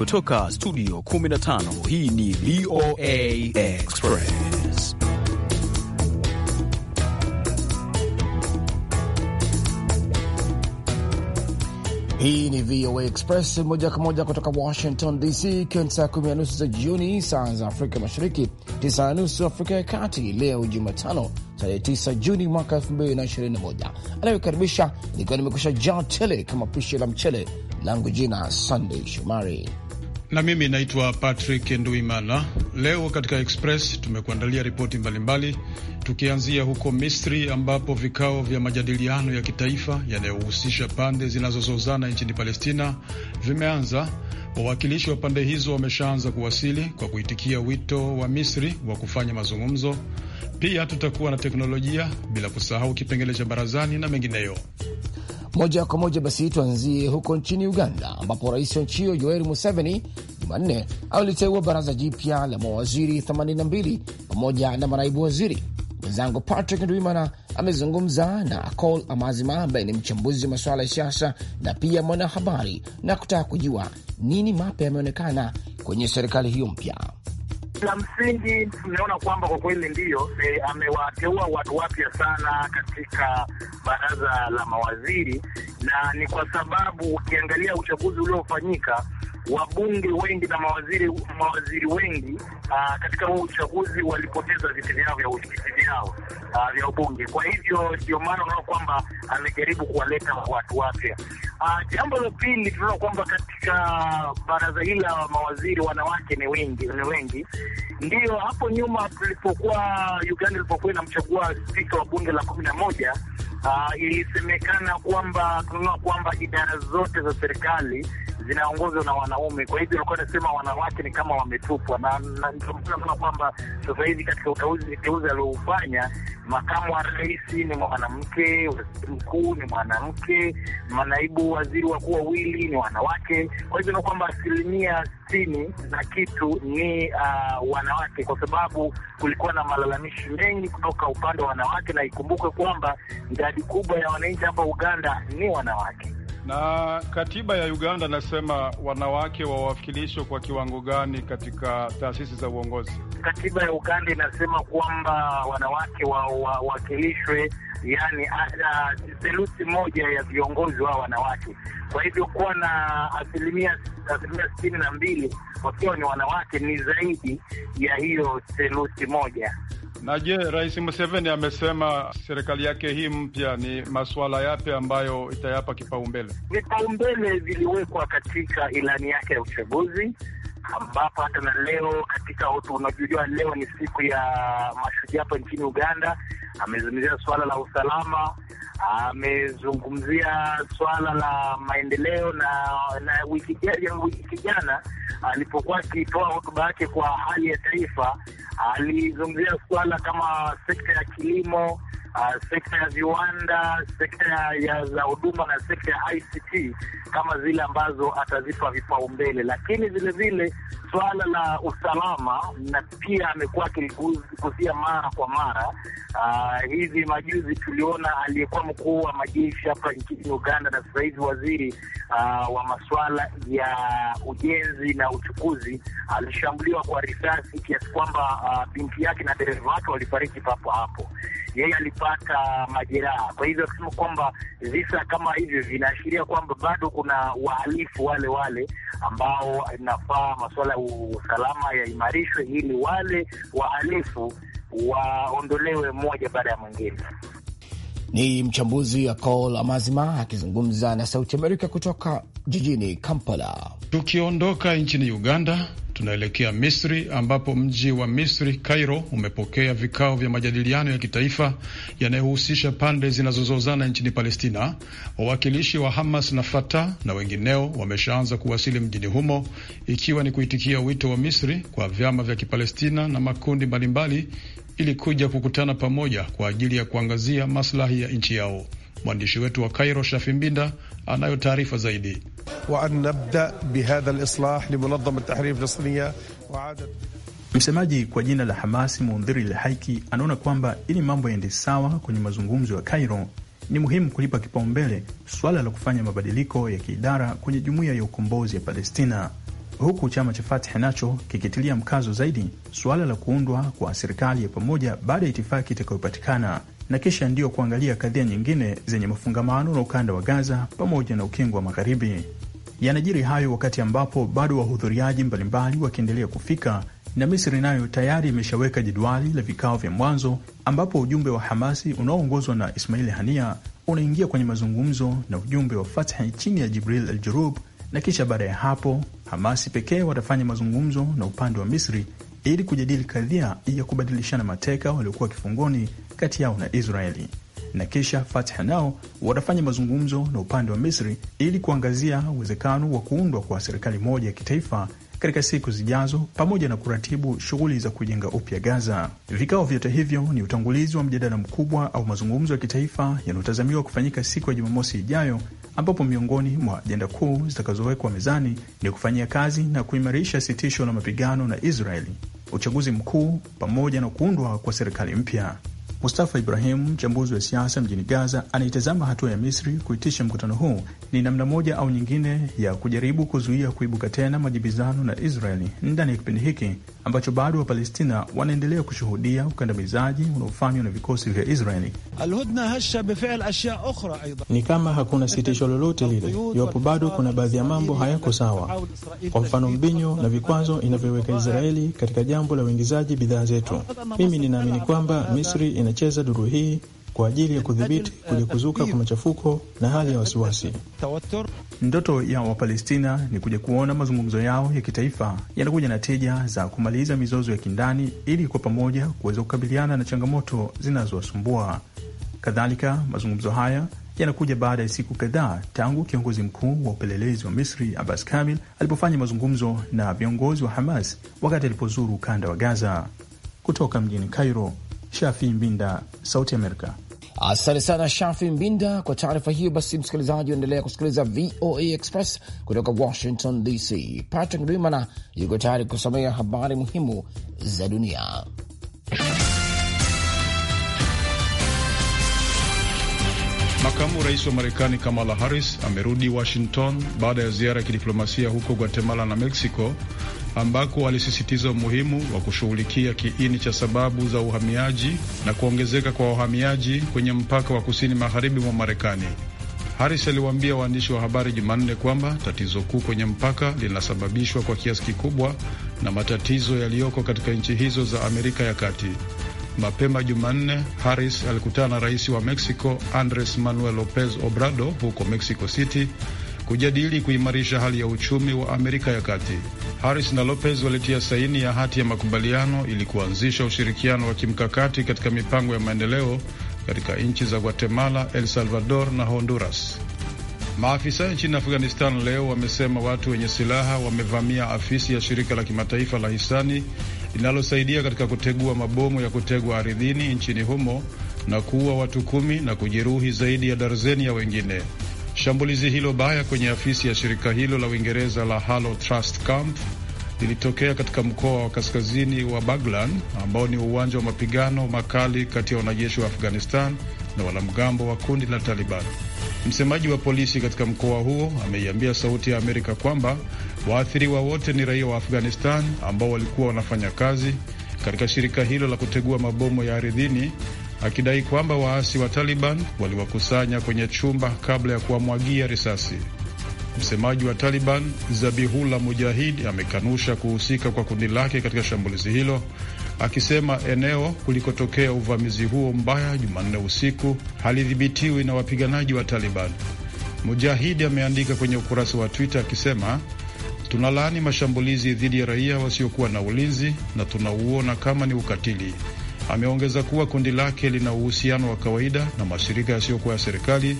kutoka studio 15 hii ni VOA Express. Hii ni VOA Express moja kwa moja kutoka Washington DC, ikiwa ni saa kumi na nusu za jioni, saa za Afrika Mashariki, tisa na nusu Afrika ya Kati. Leo Jumatano tarehe 9 Juni mwaka 2021, anayokaribisha nikiwa nimekusha jaa tele kama pishi la mchele langu, jina sandey Shomari na mimi naitwa Patrick Nduimana. Leo katika Express tumekuandalia ripoti mbalimbali, tukianzia huko Misri ambapo vikao vya majadiliano ya kitaifa yanayohusisha pande zinazozozana nchini Palestina vimeanza. Wawakilishi wa pande hizo wameshaanza kuwasili kwa kuitikia wito wa Misri wa kufanya mazungumzo. Pia tutakuwa na teknolojia, bila kusahau kipengele cha barazani na mengineyo. Moja kwa moja basi tuanzie huko nchini Uganda, ambapo rais wa nchi hiyo Yoweri Museveni Jumanne aliteua baraza jipya la mawaziri 82 pamoja na manaibu waziri. Mwenzangu Patrick Ndwimana amezungumza na Col Amazima ambaye ni mchambuzi wa masuala ya siasa na pia mwanahabari, na kutaka kujua nini mapya yameonekana kwenye serikali hiyo mpya la msingi tumeona kwamba kwa kweli ndiyo e, amewateua watu wapya sana katika baraza la mawaziri, na ni kwa sababu ukiangalia uchaguzi uliofanyika wabunge wengi na mawaziri mawaziri wengi uh, katika huu uchaguzi walipoteza viti vyao vya viti vyao ah, vya ubunge. Kwa hivyo ndio maana unaona kwamba amejaribu kuwaleta watu wapya. Ah, jambo la pili, tunaona kwamba katika baraza hili la mawaziri wanawake ni wengi, ni wengi. Ndio hapo nyuma tulipokuwa Uganda ilipokuwa inamchagua spika wa bunge la kumi na moja ilisemekana kwamba tunaona kwamba idara zote za serikali zinaongozwa na wanaume. Kwa hivyo alikuwa anasema wanawake ni kama wametupwa, na ndio kwamba sasa hivi katika uteuzi alioufanya makamu wa rais ni mwanamke, waziri mkuu ni mwanamke, manaibu waziri wakuu wawili ni wanawake. Kwa hivyo na kwamba asilimia sitini na kitu ni uh, wanawake, kwa sababu kulikuwa na malalamishi mengi kutoka upande wa wanawake, na ikumbukwe kwamba idadi kubwa ya wananchi hapa Uganda ni wanawake. Na katiba ya Uganda nasema wanawake wawakilishwe kwa kiwango gani katika taasisi za uongozi? Katiba ya Uganda inasema kwamba wanawake wawakilishwe wa, yani theluthi moja ya viongozi wao wanawake. Kwa hivyo kuwa na asilimia sitini na mbili wakiwa ni wanawake ni zaidi ya hiyo theluthi moja. Na je, Rais Museveni amesema serikali yake hii mpya ni masuala yapi ambayo itayapa kipaumbele? Vipaumbele viliwekwa katika ilani yake ya uchaguzi ambapo hata na leo katika hotu, unajua leo ni siku ya mashujaa hapa nchini Uganda. Amezungumzia suala la usalama, amezungumzia suala la maendeleo, na na wiki jana alipokuwa akitoa hotuba yake kwa hali ya taifa, alizungumzia suala kama sekta ya kilimo uh, sekta ya viwanda, sekta ya za huduma na sekta ya ICT kama zile ambazo atazipa vipaumbele, lakini vilevile suala la usalama na pia amekuwa akiligusia mara kwa mara. Uh, hivi majuzi tuliona aliyekuwa mkuu wa majeshi hapa nchini Uganda na sasa hivi waziri uh, wa masuala ya ujenzi na uchukuzi alishambuliwa kwa risasi kiasi kwamba uh, binti yake na dereva wake walifariki papo hapo yeye alipata majeraha. Kwa hivyo akisema kwamba visa kama hivyo vinaashiria kwamba bado kuna wahalifu wale wale ambao inafaa masuala ya usalama yaimarishwe ili wale wahalifu waondolewe mmoja baada ya mwingine. Ni mchambuzi wa Col Amazima akizungumza na Sauti Amerika kutoka jijini Kampala. Tukiondoka nchini Uganda, Tunaelekea Misri ambapo mji wa Misri Cairo umepokea vikao vya majadiliano ya kitaifa yanayohusisha pande zinazozozana nchini Palestina. Wawakilishi wa Hamas na Fatah na wengineo wameshaanza kuwasili mjini humo ikiwa ni kuitikia wito wa Misri kwa vyama vya Kipalestina na makundi mbalimbali ili kuja kukutana pamoja kwa ajili ya kuangazia maslahi ya nchi yao. Mwandishi wetu wa Cairo Shafi Mbinda anayo taarifa zaidi. وأن نبدأ بهذا الإصلاح لمنظمة التحرير الفلسطينية وعادة Msemaji kwa jina la Hamasi Mundhiri lhaiki anaona kwamba ili mambo yaende sawa kwenye mazungumzo ya Cairo ni muhimu kulipa kipaumbele suala la kufanya mabadiliko ya kiidara kwenye jumuiya ya ukombozi ya Palestina, huku chama cha Fatah nacho kikitilia mkazo zaidi suala la kuundwa kwa serikali ya pamoja baada ya itifaki itakayopatikana na kisha ndiyo kuangalia kadhia nyingine zenye mafungamano na ukanda wa Gaza pamoja na ukingo wa Magharibi. Yanajiri hayo wakati ambapo bado wahudhuriaji mbalimbali wakiendelea kufika, na Misri nayo tayari imeshaweka jedwali la vikao vya mwanzo ambapo ujumbe wa Hamasi unaoongozwa na Ismail Hania unaingia kwenye mazungumzo na ujumbe wa Fathi chini ya Jibril al Jurub, na kisha baada ya hapo Hamasi pekee watafanya mazungumzo na upande wa Misri ili kujadili kadhia ya kubadilishana mateka waliokuwa kifungoni kati yao na Israeli na kisha fatha nao watafanya mazungumzo na upande wa Misri ili kuangazia uwezekano wa kuundwa kwa serikali moja ya kitaifa katika siku zijazo, pamoja na kuratibu shughuli za kujenga upya Gaza. Vikao vyote hivyo ni utangulizi wa mjadala mkubwa au mazungumzo ya kitaifa yanayotazamiwa kufanyika siku ya Jumamosi ijayo, ambapo miongoni mwa ajenda kuu zitakazowekwa mezani ni kufanyia kazi na kuimarisha sitisho la mapigano na Israeli, uchaguzi mkuu pamoja na kuundwa kwa serikali mpya. Mustafa Ibrahim, mchambuzi wa siasa mjini Gaza, anaitazama hatua ya Misri kuitisha mkutano huu ni namna moja au nyingine ya kujaribu kuzuia kuibuka tena majibizano na Israeli ndani ya kipindi hiki ambacho bado Wapalestina wanaendelea kushuhudia ukandamizaji unaofanywa na vikosi vya Israeli. Ni kama hakuna sitisho lolote lile, iwapo bado kuna baadhi ya mambo hayako sawa, kwa mfano mbinyo na vikwazo inavyoweka Israeli katika jambo la uingizaji bidhaa zetu. Mimi ninaamini kwamba Misri ina wanacheza duru hii kwa ajili ya kudhibiti kuja kuzuka kwa machafuko na hali ya wasiwasi. Ndoto ya Wapalestina ni kuja kuona mazungumzo yao ya kitaifa yanakuja na tija za kumaliza mizozo ya kindani ili kwa pamoja kuweza kukabiliana na changamoto zinazowasumbua. Kadhalika, mazungumzo haya yanakuja baada ya siku kadhaa tangu kiongozi mkuu wa upelelezi wa Misri Abbas Kamil alipofanya mazungumzo na viongozi wa Hamas wakati alipozuru ukanda wa Gaza. Kutoka mjini Cairo, Shafi Mbinda, Sauti Amerika. Asante sana Shafi Mbinda kwa taarifa hiyo. Basi msikilizaji, unaendelea kusikiliza VOA Express kutoka Washington DC. Patrick Dwimana yuko tayari kusomea habari muhimu za dunia. Makamu rais wa Marekani Kamala Harris amerudi Washington baada ya ziara ya kidiplomasia huko Guatemala na Mexico ambako alisisitiza umuhimu wa kushughulikia kiini cha sababu za uhamiaji na kuongezeka kwa wahamiaji kwenye mpaka wa kusini magharibi mwa Marekani. haris aliwaambia waandishi wa habari Jumanne kwamba tatizo kuu kwenye mpaka linasababishwa kwa kiasi kikubwa na matatizo yaliyoko katika nchi hizo za Amerika ya Kati. Mapema Jumanne, haris alikutana na rais wa Mexico Andres Manuel Lopez Obrador huko Mexico City kujadili kuimarisha hali ya uchumi wa Amerika ya Kati. Harris na Lopez walitia saini ya hati ya makubaliano ili kuanzisha ushirikiano wa kimkakati katika mipango ya maendeleo katika nchi za Guatemala, El Salvador na Honduras. Maafisa nchini Afghanistan leo wamesema watu wenye silaha wamevamia afisi ya shirika la kimataifa la hisani linalosaidia katika kutegua mabomu ya kutegwa ardhini nchini humo na kuua watu kumi na kujeruhi zaidi ya darzeni ya wengine. Shambulizi hilo baya kwenye afisi ya shirika hilo la Uingereza la Halo Trust Camp lilitokea katika mkoa wa kaskazini wa Baglan ambao ni uwanja wa mapigano makali kati ya wanajeshi wa Afghanistan na wanamgambo wa kundi la Taliban. Msemaji wa polisi katika mkoa huo ameiambia Sauti ya Amerika kwamba waathiriwa wote ni raia wa Afghanistan ambao walikuwa wanafanya kazi katika shirika hilo la kutegua mabomu ya ardhini akidai kwamba waasi wa Taliban waliwakusanya kwenye chumba kabla ya kuwamwagia risasi. Msemaji wa Taliban Zabihullah Mujahid amekanusha kuhusika kwa kundi lake katika shambulizi hilo, akisema eneo kulikotokea uvamizi huo mbaya Jumanne usiku halidhibitiwi na wapiganaji wa Taliban. Mujahidi ameandika kwenye ukurasa wa Twitter akisema, tunalaani mashambulizi dhidi ya raia wasiokuwa na ulinzi na tunauona kama ni ukatili. Ameongeza kuwa kundi lake lina uhusiano wa kawaida na mashirika yasiyokuwa ya serikali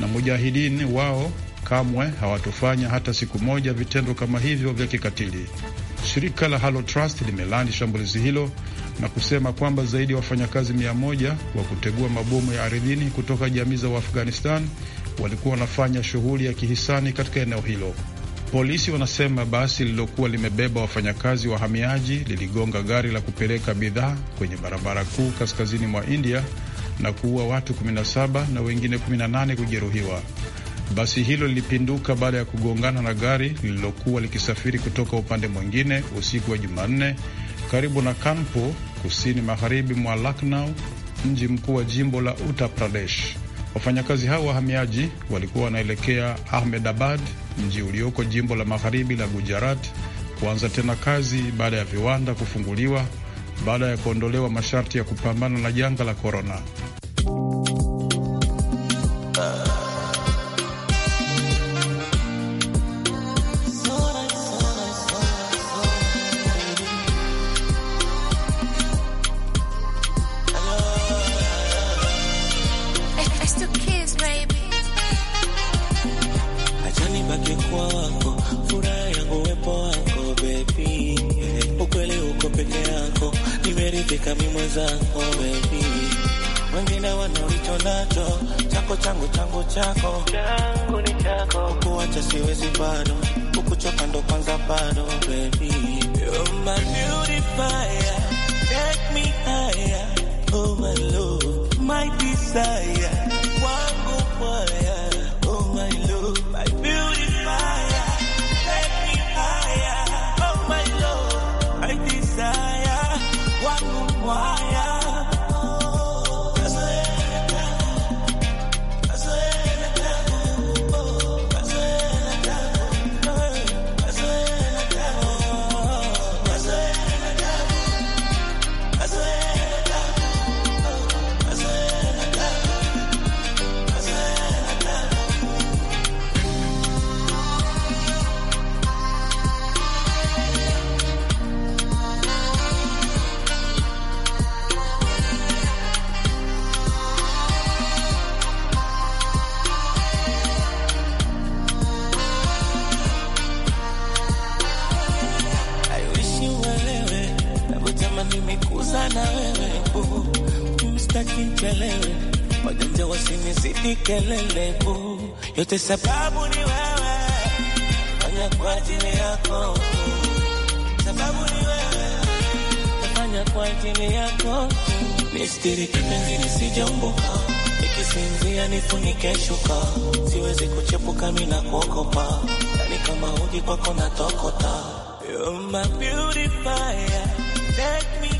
na mujahidini wao kamwe hawatofanya hata siku moja vitendo kama hivyo vya kikatili. Shirika la Halo Trust limelani shambulizi hilo na kusema kwamba zaidi ya wafanyakazi mia moja wa kutegua mabomu ya ardhini kutoka jamii za Waafghanistan walikuwa wanafanya shughuli ya kihisani katika eneo hilo. Polisi wanasema basi lililokuwa limebeba wafanyakazi wahamiaji liligonga gari la kupeleka bidhaa kwenye barabara kuu kaskazini mwa India na kuua watu 17 na wengine 18 kujeruhiwa. Basi hilo lilipinduka baada ya kugongana na gari lililokuwa likisafiri kutoka upande mwingine usiku wa Jumanne karibu na Kanpur, kusini magharibi mwa Lucknow, mji mkuu wa jimbo la Uttar Pradesh. Wafanyakazi hao wahamiaji walikuwa wanaelekea Ahmedabad, mji ulioko jimbo la magharibi la Gujarat, kuanza tena kazi baada ya viwanda kufunguliwa baada ya kuondolewa masharti ya kupambana na janga la korona. Nilipika mimi mwenzangu baby, wengine ulicho nacho chako changu changu chako changu ni chako, kuacha siwezi bado, kukuchoka ndo kwanza bado baby, you're my beautifier, take me higher, oh my love, my desire wajanja wasinizidi kelele, yote sababu ni wewe, fanya kwa ajili yako, sababu ni wewe, kwa ajili yako, nistiri kipenzi nifunike shuka, siwezi kuchepuka na kuogopa, yani kama uji kwako natokota, you're my take me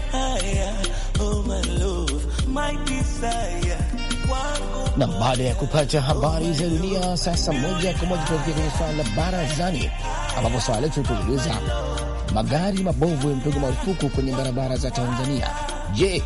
na baada ya kupata habari za dunia, sasa moja kwa moja tunafikia kwenye swala la barazani, ambapo swala letu tuliuliza magari mabovu yamepigwa marufuku kwenye barabara za Tanzania. Je,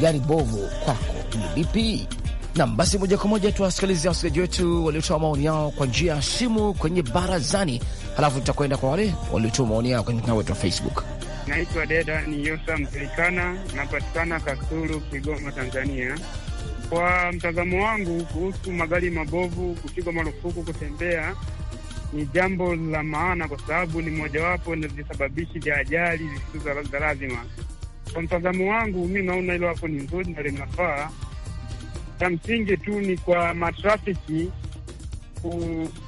gari bovu kwako ni lipi? Nam, basi moja kwa moja tuwasikilize wasikilizaji wetu waliotoa maoni yao kwa njia ya simu kwenye barazani, halafu tutakwenda kwa wale waliotoa maoni yao kwenye mtandao wetu wa Facebook. Naitwa deda ni Yosa Mpeikana, napatikana Kasulu, Kigoma, Tanzania. Kwa mtazamo wangu kuhusu magari mabovu kupigwa marufuku kutembea ni jambo la maana, kwa sababu ni mojawapo na visababishi vya ajali zisizo za lazima. Kwa mtazamo wangu mi naona hilo hapo ni nzuri na linafaa. Cha msingi tu ni kwa matrafiki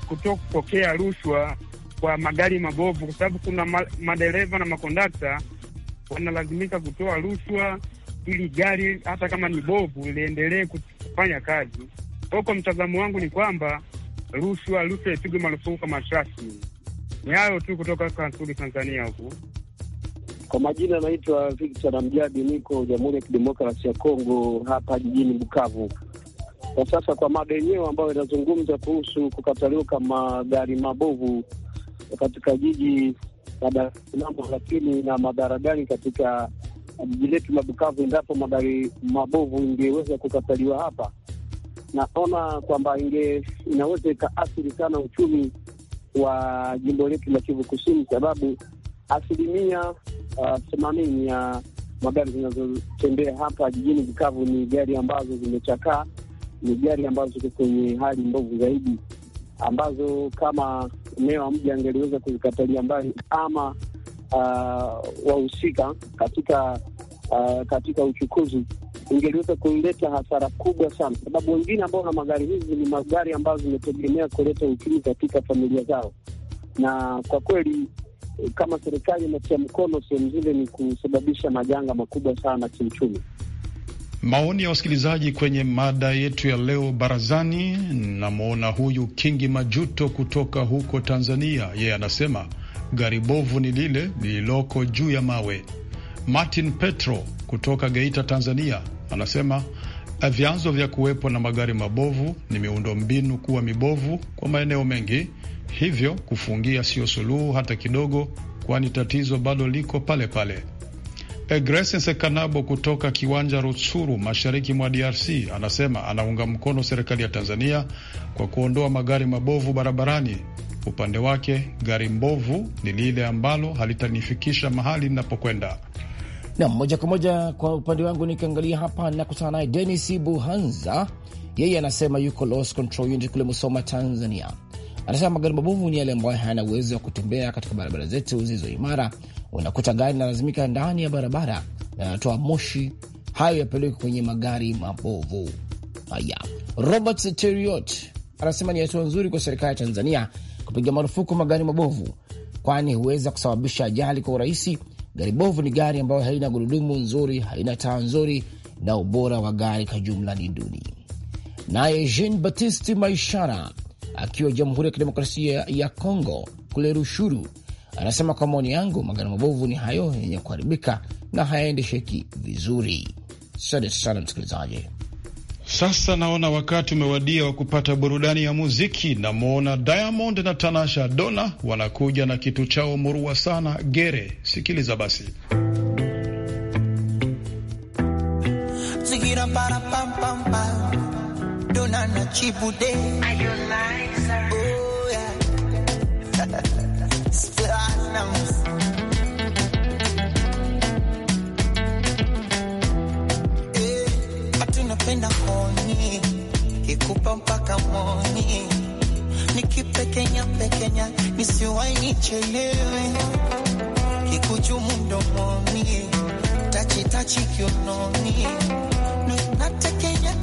kutokupokea rushwa kwa magari mabovu, kwa sababu kuna madereva na makondakta wanalazimika kutoa rushwa ili gari hata kama ni bovu liendelee kufanya kazi. Kwa kwa mtazamo wangu ni kwamba rushwa rushwa ipigwe marufuku kama rasmi. Ni hayo tu kutoka Kansuli, Tanzania huku. Kwa majina vikta Victor Namjadi, niko Jamhuri ya Kidemokrasi ya Kongo, hapa jijini Bukavu. Kwa sasa, kwa mada yenyewe ambayo inazungumza kuhusu kukataliwa kama gari mabovu katika jiji la Dar es Salaam, lakini na madhara gani katika jiji letu la Bukavu endapo magari mabovu ingeweza kukataliwa hapa? Naona kwamba inge inaweza ikaathiri sana uchumi wa jimbo letu la Kivu Kusini, sababu asilimia uh, themanini uh, ya magari zinazotembea hapa jijini Bukavu ni gari ambazo zimechakaa, ni gari ambazo ziko kwenye hali mbovu zaidi, ambazo kama meya wa mji angeliweza kuzikatalia mbali ama uh, wahusika katika uh, katika uchukuzi ingeliweza kuleta hasara kubwa sana, sababu wengine ambao na magari hizi ni magari ambazo zimetegemea kuleta uchumi katika familia zao, na kwa kweli kama serikali inatia mkono sehemu zile, ni kusababisha majanga makubwa sana kiuchumi. Maoni ya wasikilizaji kwenye mada yetu ya leo barazani. Namwona huyu Kingi Majuto kutoka huko Tanzania, yeye anasema gari bovu ni lile lililoko juu ya mawe. Martin Petro kutoka Geita, Tanzania, anasema eh, vyanzo vya kuwepo na magari mabovu ni miundombinu kuwa mibovu kwa maeneo mengi, hivyo kufungia sio suluhu hata kidogo, kwani tatizo bado liko pale pale. Grace Nsekanabo kutoka Kiwanja Rutsuru, mashariki mwa DRC, anasema anaunga mkono serikali ya Tanzania kwa kuondoa magari mabovu barabarani. Upande wake, gari mbovu ni lile ambalo halitanifikisha mahali ninapokwenda. Nam moja kwa moja. Kwa upande wangu nikiangalia hapa nakutana naye Denis Buhanza, yeye anasema yuko Lost Control Unit kule Musoma, Tanzania. Anasema magari mabovu ni yale ambayo hayana uwezo wa kutembea katika barabara zetu zilizo imara. Unakuta gari linalazimika ndani ya barabara na yanatoa moshi. Hayo yapelekwe kwenye magari mabovu haya. Robert Teriot anasema ni hatua nzuri kwa serikali ya Tanzania kupiga marufuku magari mabovu, kwani huweza kusababisha ajali kwa urahisi. Gari bovu ni gari ambayo haina gurudumu nzuri, haina taa nzuri, na ubora wa gari kwa jumla ni duni. Naye Jean Baptiste Maishara akiwa Jamhuri ya Kidemokrasia ya Kongo kule Rushuru. Anasema, kwa maoni yangu, magari mabovu ni hayo yenye kuharibika na hayaendesheki vizuri. Asante sana msikilizaji. Sasa naona wakati umewadia wa kupata burudani ya muziki. Namwona Diamond na Tanasha Dona wanakuja na kitu chao murua sana, Gere. Sikiliza basi. Sikira para pam pam pam. Chibu Day. Are you lying, sir? Oh, yeah. Splatnums. Eh, napenda koni kikupa mpaka moni, nikipekenya pekenya, nisiwai nichelewe, kikujumu mdomoni, tachitachi kiunoni, natekenya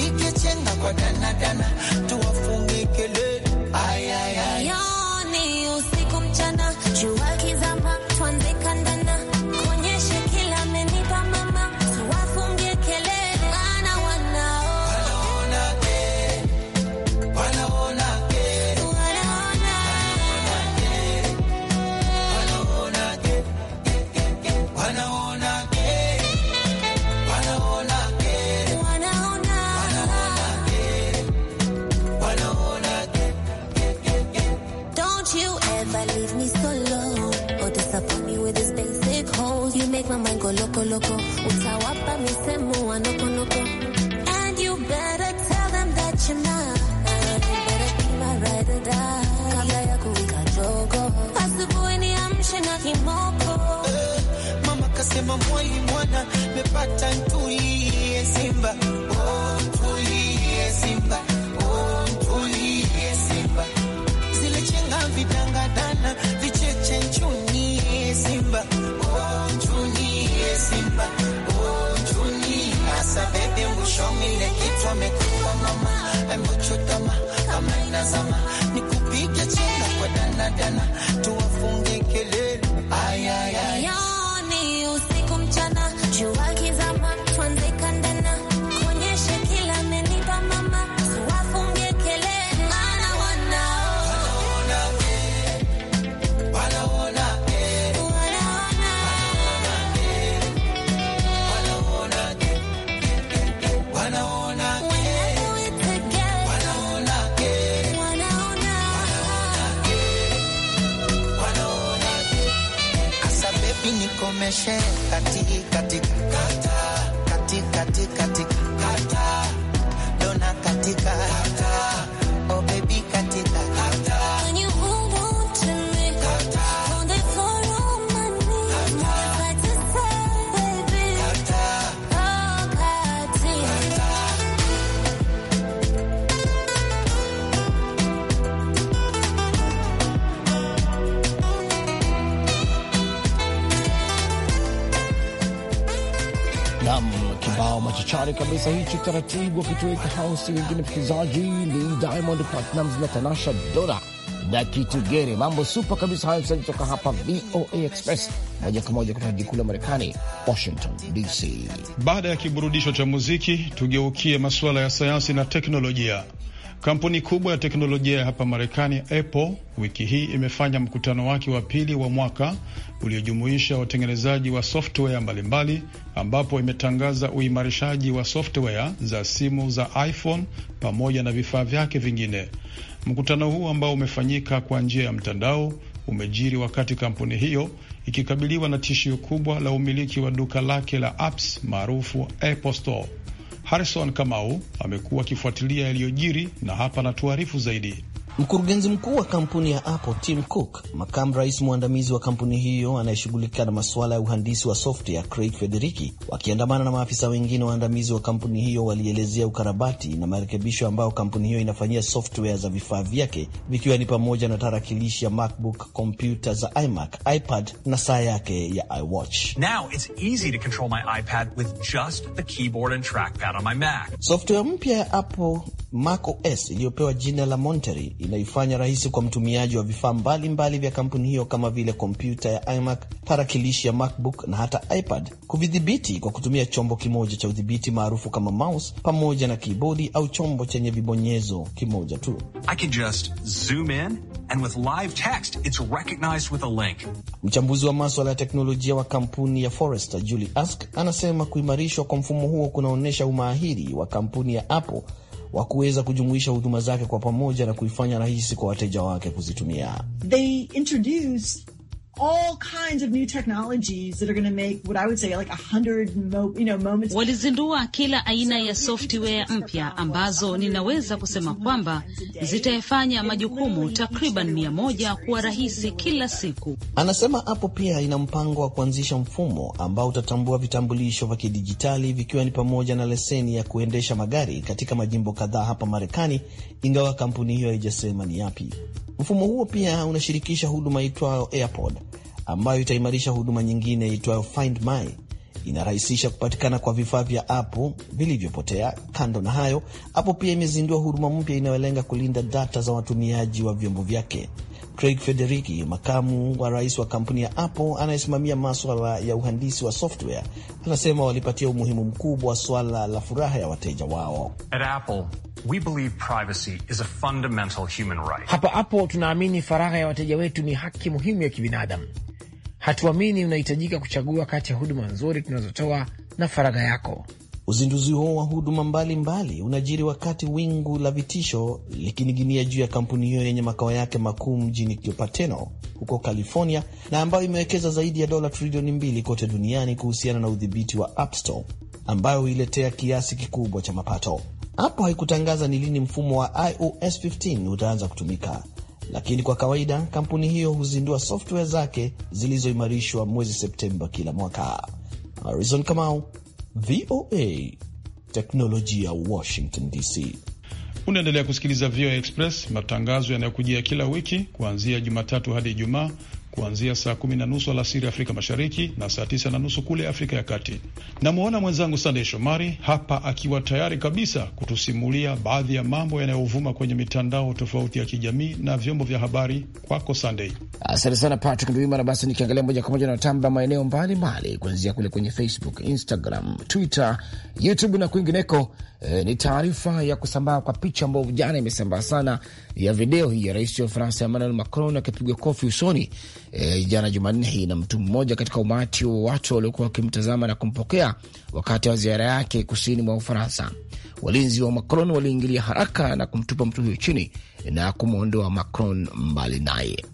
tupige chenga kwa danadana tuwafunge kelele tena shit. hatari kabisa hichi taratibu, wakituweka hausi wengine msikilizaji, ni Diamond Platnumz na Tanasha Dora na gere Mambo supa kabisa hayo msaji kutoka hapa VOA Express moja kwa moja kutoka jikuu la Marekani, Washington DC. Baada ya kiburudisho cha muziki, tugeukie masuala ya sayansi na teknolojia. Kampuni kubwa ya teknolojia hapa Marekani, Apple, wiki hii imefanya mkutano wake wa pili wa mwaka uliojumuisha watengenezaji wa software mbalimbali, ambapo imetangaza uimarishaji wa software za simu za iPhone pamoja na vifaa vyake vingine. Mkutano huu ambao umefanyika kwa njia ya mtandao umejiri wakati kampuni hiyo ikikabiliwa na tishio kubwa la umiliki wa duka lake la apps maarufu Apple Store. Harrison Kamau amekuwa akifuatilia yaliyojiri na hapa anatuarifu zaidi. Mkurugenzi mkuu wa kampuni ya Apple Tim Cook, makamu rais mwandamizi wa kampuni hiyo anayeshughulika na masuala ya uhandisi wa software Craig Federiki, wakiandamana na maafisa wengine waandamizi wa kampuni hiyo walielezea ukarabati na marekebisho ambayo kampuni hiyo inafanyia software za vifaa vyake, vikiwa ni pamoja na tarakilishi ya MacBook, kompyuta za iMac, iPad na saa yake ya iWatch. Software mpya ya Apple macOS iliyopewa jina la Monterey inaifanya rahisi kwa mtumiaji wa vifaa mbalimbali vya kampuni hiyo kama vile kompyuta ya iMac, tarakilishi ya MacBook na hata iPad kuvidhibiti kwa kutumia chombo kimoja cha udhibiti maarufu kama mouse pamoja na kibodi au chombo chenye vibonyezo kimoja tu. Mchambuzi wa maswala ya teknolojia wa kampuni ya Forrester Julie Ask anasema kuimarishwa kwa mfumo huo kunaonyesha umahiri wa kampuni ya Apple wa kuweza kujumuisha huduma zake kwa pamoja na kuifanya rahisi kwa wateja wake kuzitumia. They introduce all kinds of new technologies that are going to make what I would say like a hundred mo, you know, moments. Walizindua kila aina ya software mpya ambazo ninaweza kusema kwamba zitayafanya majukumu takriban mia moja kuwa rahisi kila siku. Anasema hapo pia ina mpango wa kuanzisha mfumo ambao utatambua vitambulisho vya kidijitali vikiwa ni pamoja na leseni ya kuendesha magari katika majimbo kadhaa hapa Marekani, ingawa kampuni hiyo haijasema ni yapi. Mfumo huo pia unashirikisha huduma itwayo AirPod ambayo itaimarisha huduma nyingine itwayo Find My inarahisisha kupatikana kwa vifaa vya Apple vilivyopotea. Kando na hayo, Apple pia imezindua huduma mpya inayolenga kulinda data za watumiaji wa vyombo vyake. Craig Federighi, makamu wa rais wa kampuni ya Apple anayesimamia maswala ya uhandisi wa software, anasema walipatia umuhimu mkubwa swala la furaha ya wateja wao. At Apple, we believe privacy is a fundamental human right. Hapa Apple tunaamini faragha ya wateja wetu ni haki muhimu ya kibinadamu hatuamini unahitajika kuchagua kati ya huduma nzuri tunazotoa na faragha yako. Uzinduzi huo wa huduma mbalimbali unajiri wakati wingu la vitisho likining'inia juu ya kampuni hiyo yenye makao yake makuu mjini Cupertino huko California, na ambayo imewekeza zaidi ya dola trilioni mbili kote duniani kuhusiana na udhibiti wa App Store ambayo huiletea kiasi kikubwa cha mapato. Hapo haikutangaza ni lini mfumo wa iOS 15 utaanza kutumika, lakini kwa kawaida kampuni hiyo huzindua software zake zilizoimarishwa mwezi Septemba kila mwaka. Harrison Kamau, VOA Teknolojia, Washington DC. Unaendelea kusikiliza VOA Express, matangazo yanayokujia kila wiki kuanzia Jumatatu hadi Ijumaa kuanzia saa kumi na nusu alasiri Afrika Mashariki na saa tisa na nusu kule Afrika ya Kati. Namwona mwenzangu Sandey Shomari hapa akiwa tayari kabisa kutusimulia baadhi ya mambo yanayovuma kwenye mitandao tofauti ya kijamii na vyombo vya habari. Kwako Sandey. Asante sana Patrick Ndwimana. Basi nikiangalia moja kwa moja na watamba maeneo mbalimbali, kuanzia kule kwenye Facebook, Instagram, Twitter, YouTube na kwingineko. E, ni taarifa ya kusambaa kwa picha ambayo vijana imesambaa sana ya video hii ya rais wa Ufaransa Emmanuel Macron akipigwa kofi usoni e, jana Jumanne hii na mtu mmoja katika umati wa watu waliokuwa wakimtazama na kumpokea wakati wa ziara yake kusini mwa Ufaransa. Walinzi wa Macron waliingilia haraka na kumtupa mtu huyo chini na kumwondoa Macron mbali naye.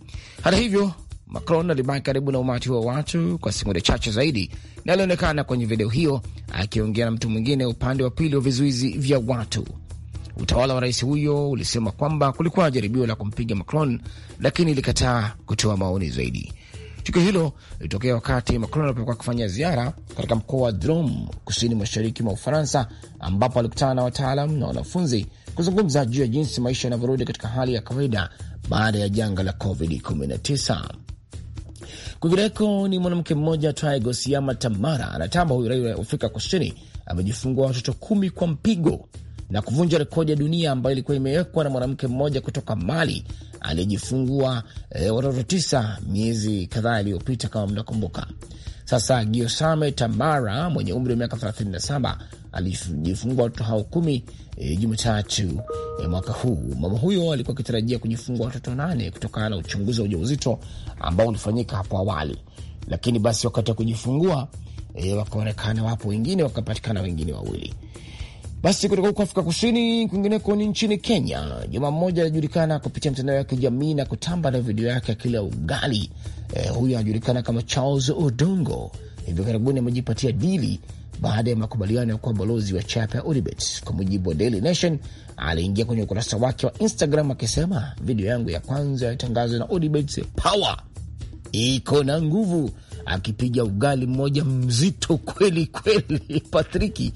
Hata hivyo, Macron alibaki karibu na umati wa watu kwa sekunde chache zaidi, na alionekana kwenye video hiyo akiongea na mtu mwingine upande wa pili wa vizuizi vya watu. Utawala wa rais huyo ulisema kwamba kulikuwa na jaribio la kumpiga Macron, lakini ilikataa kutoa maoni zaidi. Tukio hilo lilitokea wakati Macron alipokuwa akifanya ziara katika mkoa wa Drom, kusini mashariki mwa Ufaransa, ambapo alikutana na wataalam na wanafunzi kuzungumza juu ya jinsi maisha yanavyorudi katika hali ya kawaida baada ya janga la COVID-19. Kwingineko ni mwanamke mmoja twaye Gosiama Tamara anatamba, huyu raia wa Afrika Kusini amejifungua watoto kumi kwa mpigo na kuvunja rekodi ya dunia ambayo ilikuwa imewekwa na mwanamke mmoja kutoka Mali aliyejifungua e, watoto tisa miezi kadhaa iliyopita, kama mnakumbuka. Sasa Giosame Tambara mwenye umri wa miaka 37 alijifungua watoto hao kumi e, Jumatatu e, mwaka huu. Mama huyo alikuwa akitarajia kujifungua watoto nane kutokana na uchunguzi wa ujauzito ambao ulifanyika hapo awali, lakini basi wakati wa kujifungua e, wakaonekana wapo wengine, wakapatikana wengine wawili. Basi kutoka huko Afrika Kusini, kwingineko ni nchini Kenya. Jamaa mmoja anajulikana kupitia mitandao ya kijamii na kutamba na video yake akila ugali. Eh, huyo anajulikana kama Charles Odongo hivi karibuni amejipatia dili baada ya makubaliano ya kuwa balozi wa chapa ya Alphabet. Kwa mujibu wa Daily Nation, aliingia kwenye ukurasa wake wa Instagram akisema, video yangu ya kwanza yatangazwa na Alphabet power iko na nguvu, akipiga ugali mmoja mzito kweli kweli, Patriki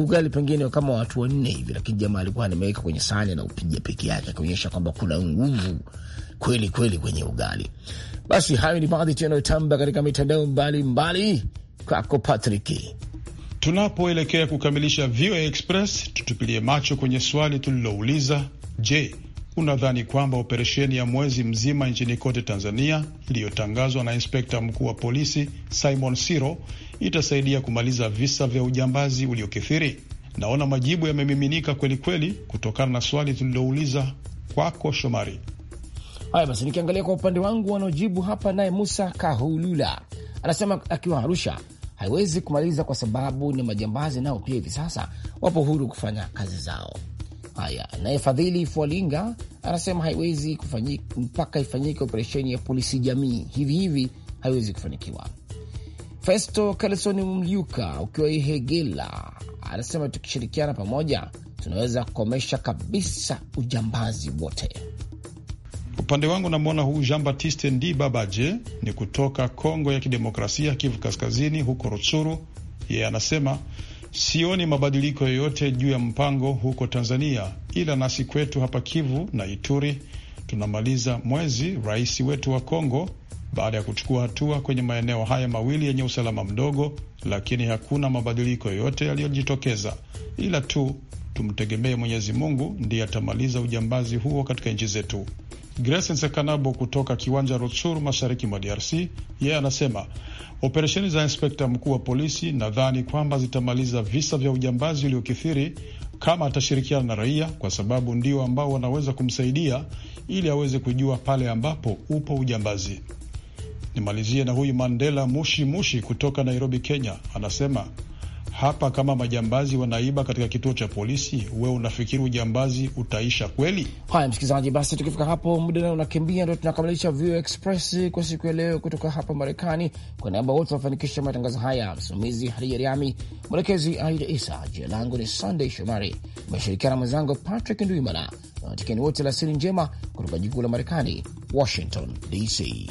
ugali pengine kama watu wanne hivi, lakini jamaa alikuwa nimeweka kwenye sahani na upiga peke yake, akionyesha kwamba kuna nguvu kweli kweli kwenye ugali. Basi hayo ni baadhi tu yanayotamba katika mitandao mbalimbali. Kwako Patrick. Tunapoelekea kukamilisha VOA Express, tutupilie macho kwenye swali tulilouliza: Je, unadhani kwamba operesheni ya mwezi mzima nchini kote Tanzania iliyotangazwa na inspekta mkuu wa polisi Simon Siro itasaidia kumaliza visa vya ujambazi uliokithiri? Naona majibu yamemiminika kweli kweli kutokana na swali tulilouliza kwako, Shomari. Haya basi, nikiangalia kwa upande wangu wanaojibu hapa, naye Musa Kahulula anasema akiwa Arusha, haiwezi kumaliza kwa sababu ni majambazi nao pia hivi sasa wapo huru kufanya kazi zao. Haya, naye Fadhili Fualinga anasema haiwezi kufanyika mpaka ifanyike operesheni ya polisi jamii, hivi hivi haiwezi kufanikiwa. Festo Kalson Mliuka ukiwa Ihegela anasema tukishirikiana pamoja tunaweza kukomesha kabisa ujambazi wote. Upande wangu namwona huu Jean Baptiste Ndi Babaje ni kutoka Kongo ya Kidemokrasia, Kivu Kaskazini, huko Rutsuru. Yeye anasema Sioni mabadiliko yoyote juu ya mpango huko Tanzania, ila nasi kwetu hapa Kivu na Ituri tunamaliza mwezi rais wetu wa Kongo baada ya kuchukua hatua kwenye maeneo haya mawili yenye usalama mdogo, lakini hakuna mabadiliko yoyote yaliyojitokeza, ila tu Tumtegemee Mwenyezi Mungu, ndiye atamaliza ujambazi huo katika nchi zetu. Grace Nsekanabo kutoka Kiwanja Rutshuru, mashariki mwa DRC, yeye anasema operesheni za inspekta mkuu wa polisi, nadhani kwamba zitamaliza visa vya ujambazi uliokithiri kama atashirikiana na raia, kwa sababu ndio ambao wanaweza kumsaidia ili aweze kujua pale ambapo upo ujambazi. Nimalizie na huyu Mandela Mushi Mushi kutoka Nairobi, Kenya, anasema hapa kama majambazi wanaiba katika kituo cha polisi, we unafikiri ujambazi utaisha kweli? Haya msikilizaji, basi tukifika hapo muda nao unakimbia, ndo tunakamilisha VOA Express kwa siku ya leo kutoka hapa Marekani. Kwa niaba wote wafanikisha matangazo haya, msimamizi Hadija Riami, mwelekezi Aida Isa. Jina langu ni Sandey Shomari, umeshirikiana mwenzangu Patrick Ndwimana na watakieni wote la siri njema kutoka jikuu la Marekani, Washington DC.